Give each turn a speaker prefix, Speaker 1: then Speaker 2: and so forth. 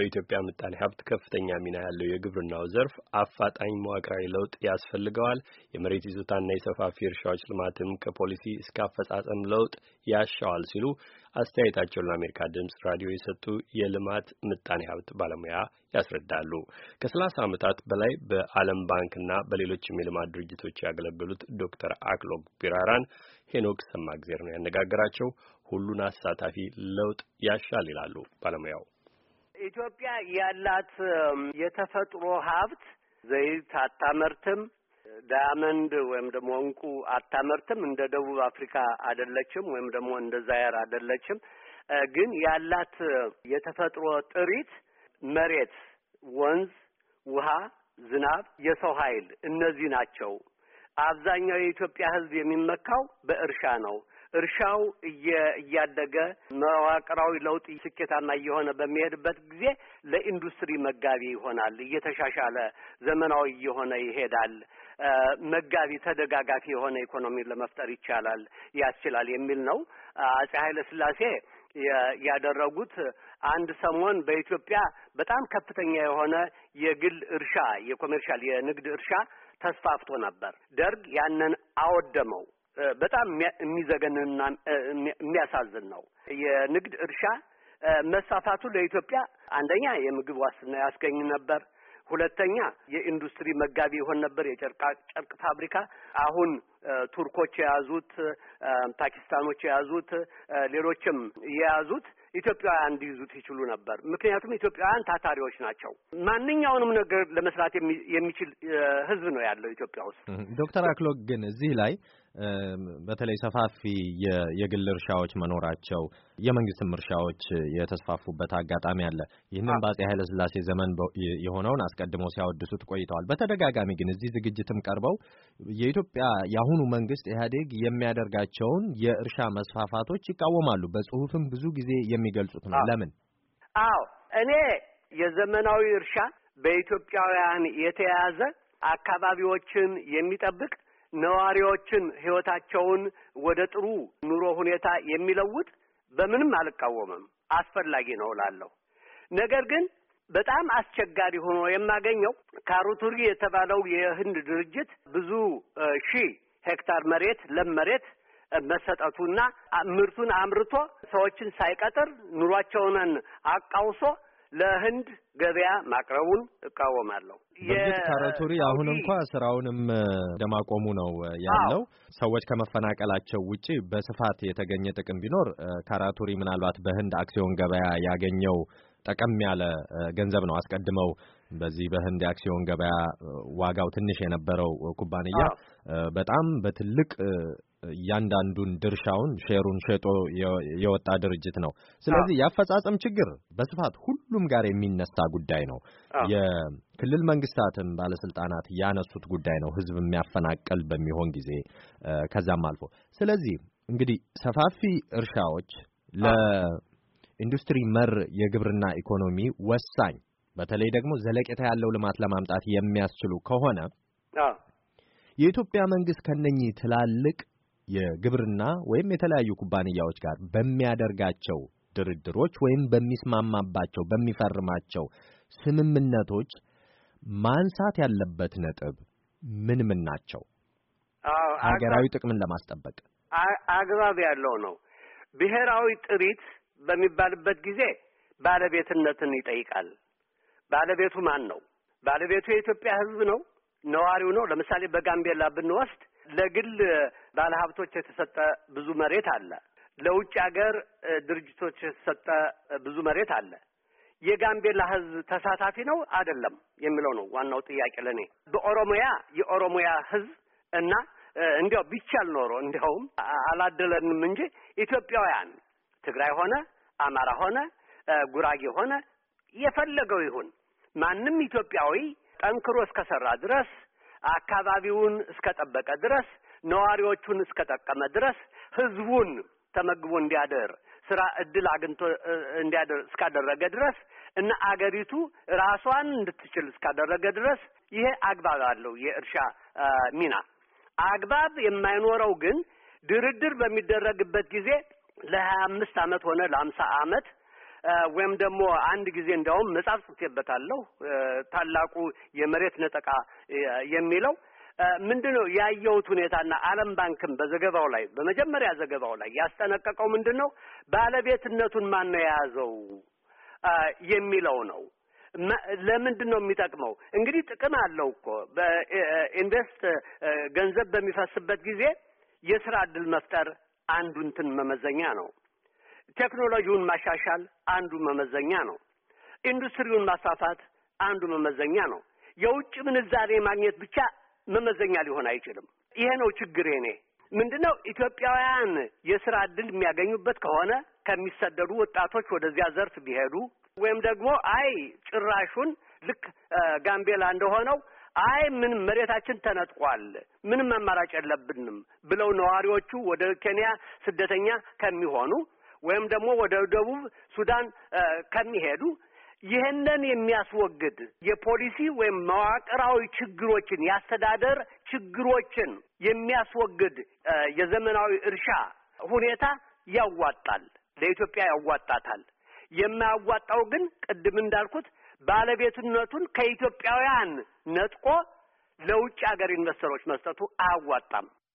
Speaker 1: በኢትዮጵያ ምጣኔ ሀብት ከፍተኛ ሚና ያለው የግብርናው ዘርፍ አፋጣኝ መዋቅራዊ ለውጥ ያስፈልገዋል። የመሬት ይዞታና የሰፋፊ እርሻዎች ልማትም ከፖሊሲ እስከ አፈጻጸም ለውጥ ያሻዋል ሲሉ አስተያየታቸውን ለአሜሪካ ድምፅ ራዲዮ የሰጡ የልማት ምጣኔ ሀብት ባለሙያ ያስረዳሉ። ከሰላሳ ዓመታት በላይ በዓለም ባንክና በሌሎችም የልማት ድርጅቶች ያገለገሉት ዶክተር አክሎግ ቢራራን ሄኖክ ሰማግዜር ነው ያነጋገራቸው። ሁሉን አሳታፊ ለውጥ ያሻል ይላሉ ባለሙያው።
Speaker 2: ኢትዮጵያ ያላት የተፈጥሮ ሀብት ዘይት አታመርትም፣ ዳያመንድ ወይም ደግሞ እንቁ አታመርትም። እንደ ደቡብ አፍሪካ አይደለችም፣ ወይም ደግሞ እንደ ዛየር አይደለችም። ግን ያላት የተፈጥሮ ጥሪት መሬት፣ ወንዝ፣ ውሃ፣ ዝናብ፣ የሰው ኃይል እነዚህ ናቸው። አብዛኛው የኢትዮጵያ ሕዝብ የሚመካው በእርሻ ነው። እርሻው እያደገ መዋቅራዊ ለውጥ ስኬታማ እየሆነ በሚሄድበት ጊዜ ለኢንዱስትሪ መጋቢ ይሆናል። እየተሻሻለ ዘመናዊ እየሆነ ይሄዳል። መጋቢ ተደጋጋፊ የሆነ ኢኮኖሚ ለመፍጠር ይቻላል ያስችላል የሚል ነው። አጼ ኃይለ ስላሴ ያደረጉት አንድ ሰሞን በኢትዮጵያ በጣም ከፍተኛ የሆነ የግል እርሻ የኮሜርሻል የንግድ እርሻ ተስፋፍቶ ነበር። ደርግ ያንን አወደመው። በጣም የሚዘገንና የሚያሳዝን ነው። የንግድ እርሻ መስፋፋቱ ለኢትዮጵያ አንደኛ የምግብ ዋስትና ያስገኝ ነበር። ሁለተኛ የኢንዱስትሪ መጋቢ ይሆን ነበር። የጨርቃ ጨርቅ ፋብሪካ አሁን ቱርኮች የያዙት፣ ፓኪስታኖች የያዙት፣ ሌሎችም የያዙት ኢትዮጵያውያን እንዲይዙት ይችሉ ነበር። ምክንያቱም ኢትዮጵያውያን ታታሪዎች ናቸው። ማንኛውንም ነገር ለመስራት የሚችል ሕዝብ ነው ያለው ኢትዮጵያ
Speaker 1: ውስጥ። ዶክተር አክሎግ ግን እዚህ ላይ በተለይ ሰፋፊ የግል እርሻዎች መኖራቸው የመንግስትም እርሻዎች የተስፋፉበት አጋጣሚ አለ። ይህንን በአፄ ኃይለስላሴ ዘመን የሆነውን አስቀድመው ሲያወድሱት ቆይተዋል። በተደጋጋሚ ግን እዚህ ዝግጅትም ቀርበው የኢትዮጵያ የአሁኑ መንግስት ኢህአዴግ የሚያደርጋቸውን የእርሻ መስፋፋቶች ይቃወማሉ። በጽሁፍም ብዙ ጊዜ የሚገልጹት ነው። ለምን?
Speaker 2: አዎ እኔ የዘመናዊ እርሻ በኢትዮጵያውያን የተያዘ አካባቢዎችን የሚጠብቅ ነዋሪዎችን ህይወታቸውን ወደ ጥሩ ኑሮ ሁኔታ የሚለውጥ በምንም አልቃወምም፣ አስፈላጊ ነው እላለሁ። ነገር ግን በጣም አስቸጋሪ ሆኖ የማገኘው ካሩቱሪ የተባለው የህንድ ድርጅት ብዙ ሺህ ሄክታር መሬት ለም መሬት መሰጠቱና ምርቱን አምርቶ ሰዎችን ሳይቀጥር ኑሯቸውን አቃውሶ ለህንድ ገበያ ማቅረቡን እቃወማለሁ። በእርግጥ ካራቱሪ
Speaker 1: አሁን እንኳ ስራውንም እንደማቆሙ ነው ያለው። ሰዎች ከመፈናቀላቸው ውጪ በስፋት የተገኘ ጥቅም ቢኖር ካራቱሪ ምናልባት በህንድ አክሲዮን ገበያ ያገኘው ጠቀም ያለ ገንዘብ ነው። አስቀድመው በዚህ በህንድ የአክሲዮን ገበያ ዋጋው ትንሽ የነበረው ኩባንያ በጣም በትልቅ እያንዳንዱን ድርሻውን ሼሩን ሸጦ የወጣ ድርጅት ነው። ስለዚህ የአፈጻጸም ችግር በስፋት ሁሉም ጋር የሚነሳ ጉዳይ ነው። የክልል መንግስታትም ባለስልጣናት ያነሱት ጉዳይ ነው። ህዝብ የሚያፈናቀል በሚሆን ጊዜ ከዛም አልፎ ስለዚህ እንግዲህ ሰፋፊ እርሻዎች ለኢንዱስትሪ መር የግብርና ኢኮኖሚ ወሳኝ በተለይ ደግሞ ዘለቄታ ያለው ልማት ለማምጣት የሚያስችሉ ከሆነ የኢትዮጵያ መንግስት ከነኚህ ትላልቅ የግብርና ወይም የተለያዩ ኩባንያዎች ጋር በሚያደርጋቸው ድርድሮች ወይም በሚስማማባቸው በሚፈርማቸው ስምምነቶች ማንሳት ያለበት ነጥብ ምን ምን ናቸው? ሀገራዊ ጥቅምን ለማስጠበቅ
Speaker 2: አግባብ ያለው ነው። ብሔራዊ ጥሪት በሚባልበት ጊዜ ባለቤትነትን ይጠይቃል። ባለቤቱ ማን ነው? ባለቤቱ የኢትዮጵያ ሕዝብ ነው? ነዋሪው ነው? ለምሳሌ በጋምቤላ ብንወስድ ለግል ባለሀብቶች የተሰጠ ብዙ መሬት አለ። ለውጭ ሀገር ድርጅቶች የተሰጠ ብዙ መሬት አለ። የጋምቤላ ህዝብ ተሳታፊ ነው አይደለም የሚለው ነው ዋናው ጥያቄ ለእኔ። በኦሮሞያ የኦሮሞያ ህዝብ እና እንዲያው ቢቻል ኖሮ እንዲያውም አላደለንም እንጂ ኢትዮጵያውያን ትግራይ ሆነ አማራ ሆነ ጉራጌ ሆነ የፈለገው ይሁን ማንም ኢትዮጵያዊ ጠንክሮ እስከሰራ ድረስ አካባቢውን እስከጠበቀ ድረስ ነዋሪዎቹን እስከጠቀመ ድረስ ህዝቡን ተመግቦ እንዲያደር ስራ እድል አግኝቶ እንዲያደር እስካደረገ ድረስ እና አገሪቱ ራሷን እንድትችል እስካደረገ ድረስ ይሄ አግባብ አለው የእርሻ ሚና። አግባብ የማይኖረው ግን ድርድር በሚደረግበት ጊዜ ለሀያ አምስት አመት ሆነ ለአምሳ አመት ወይም ደግሞ አንድ ጊዜ እንዲያውም መጽሐፍ ጽፌበታለሁ ታላቁ የመሬት ነጠቃ የሚለው ምንድነው ያየሁት ሁኔታና ዓለም ባንክም በዘገባው ላይ በመጀመሪያ ዘገባው ላይ ያስጠነቀቀው ምንድነው ባለቤትነቱን ማን ነው የያዘው የሚለው ነው። ለምንድን ነው የሚጠቅመው? እንግዲህ ጥቅም አለው እኮ በኢንቨስት ገንዘብ በሚፈስበት ጊዜ የስራ እድል መፍጠር አንዱ እንትን መመዘኛ ነው። ቴክኖሎጂውን ማሻሻል አንዱ መመዘኛ ነው። ኢንዱስትሪውን ማስፋፋት አንዱ መመዘኛ ነው። የውጭ ምንዛሬ ማግኘት ብቻ መመዘኛ ሊሆን አይችልም። ይሄ ነው ችግር። እኔ ምንድነው ኢትዮጵያውያን የስራ እድል የሚያገኙበት ከሆነ ከሚሰደዱ ወጣቶች ወደዚያ ዘርፍ ቢሄዱ ወይም ደግሞ አይ ጭራሹን ልክ ጋምቤላ እንደሆነው አይ ምን መሬታችን ተነጥቋል፣ ምንም አማራጭ የለብንም ብለው ነዋሪዎቹ ወደ ኬንያ ስደተኛ ከሚሆኑ ወይም ደግሞ ወደ ደቡብ ሱዳን ከሚሄዱ ይህንን የሚያስወግድ የፖሊሲ ወይም መዋቅራዊ ችግሮችን የአስተዳደር ችግሮችን የሚያስወግድ የዘመናዊ እርሻ ሁኔታ ያዋጣል፣ ለኢትዮጵያ ያዋጣታል። የማያዋጣው ግን ቅድም እንዳልኩት ባለቤትነቱን ከኢትዮጵያውያን ነጥቆ ለውጭ ሀገር ኢንቨስተሮች መስጠቱ አያዋጣም።